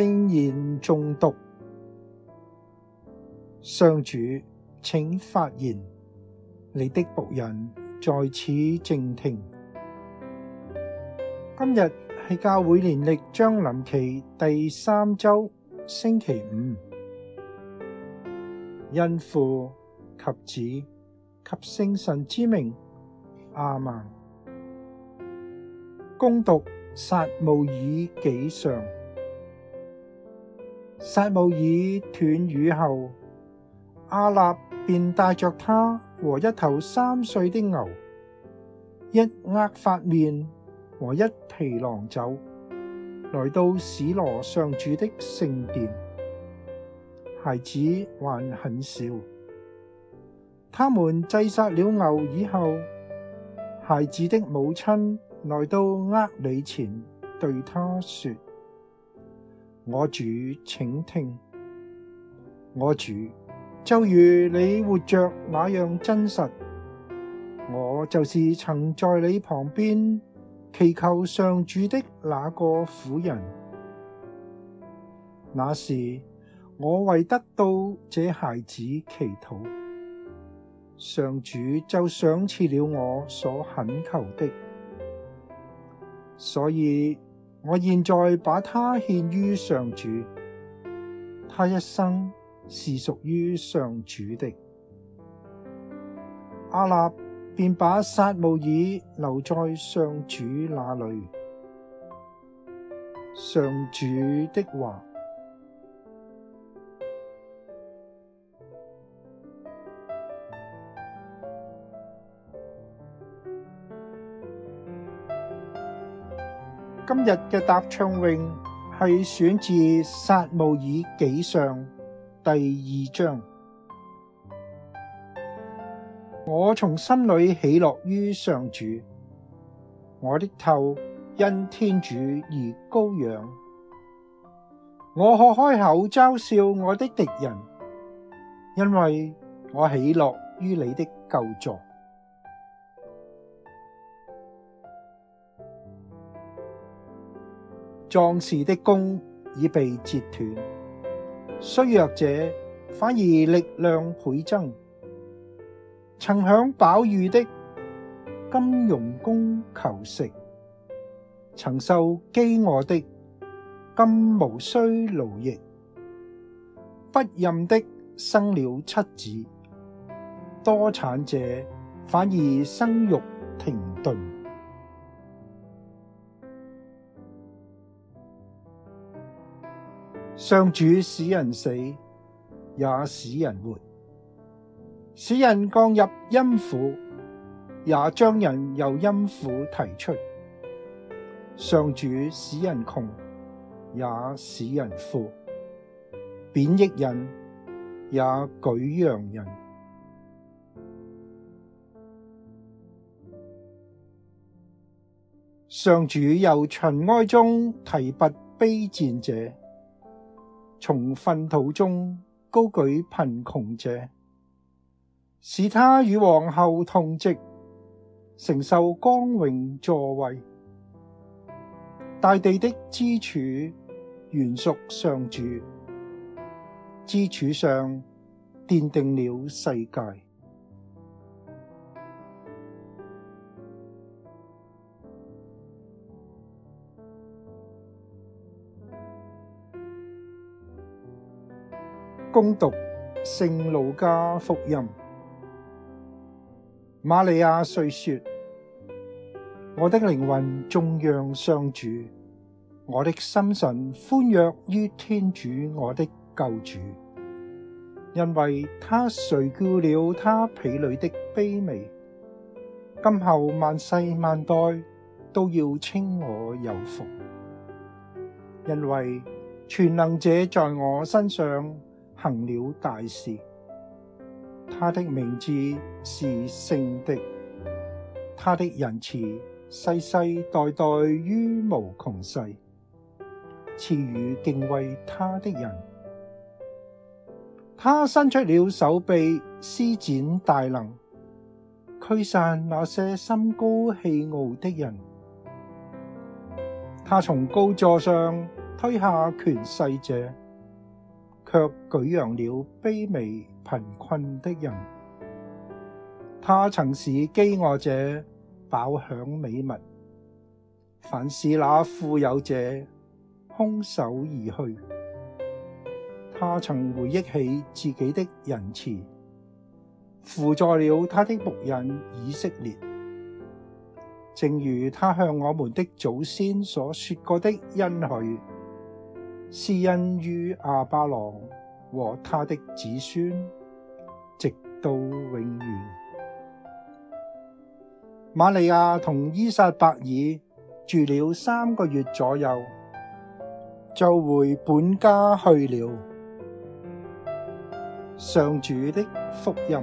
聖言誦讀，上主，請發言，你的僕人在此靜聽。今日係教會年曆將臨期第三周星期五，因父及子及聖神之名，阿門。恭讀撒慕爾紀上。撒慕爾斷乳後，阿納便帶着他和一頭三歲的牛，一厄法麵和一皮囊酒，來到史羅上主的聖殿。孩子還很小，他們祭殺了牛以後，孩子的母親來到厄里前，對他說。我主，請聽，我主就如你活着那樣真實。我就是曾在你旁邊祈求上主的那個婦人，那時我為得到這孩子祈禱，上主就賞賜了我所懇求的，所以。我現在把他獻於上主，他一生是屬於上主的。亞納便把撒慕爾留在上主那裡，上主的話。今日嘅答唱詠係選自撒慕爾紀上第二章。我從心裡喜樂於上主，我的頭因天主而高仰。我可開口嘲笑我的敵人，因為我喜樂於你的救助。壯士的弓已被折斷，衰弱者反而力量倍增。曾享飽飫的，今傭工求食；曾受饑餓的，今無須勞役。不姙的生了七子，多產者反而生育停頓。上主使人死，也使人活；使人降入陰府，也將人由陰府提出。上主使人窮，也使人富；貶抑人，也舉揚人。上主由塵埃中提拔卑賤者。從糞土中高舉貧窮者，使他與王侯同席，承受光榮座位。大地的支柱原屬上主，支柱上奠定了世界。恭讀《聖路加福音》，瑪利亞遂說：我的靈魂頌揚上主，我的心神歡躍於天主，我的救主，因為祂垂顧了他婢女的卑微。今後萬世萬代都要稱我有福，因為全能者在我身上。行了大事，他的名字是聖的，他的仁慈世世代代於無窮世，賜予敬畏他的人。他伸出了手臂，施展大能，驅散那些心高氣傲的人。他從高座上推下權勢者。卻舉揚了卑微貧困的人，他曾使飢餓者飽享美物，反使那富有者空手而去。他曾回憶起自己的仁慈，扶助了他的僕人以色列，正如他向我們的祖先所說過的恩許。施恩於亞巴郎和他的子孫，直到永遠。瑪利亞同依撒伯爾住了三個月左右，就回本家去了。上主的福音。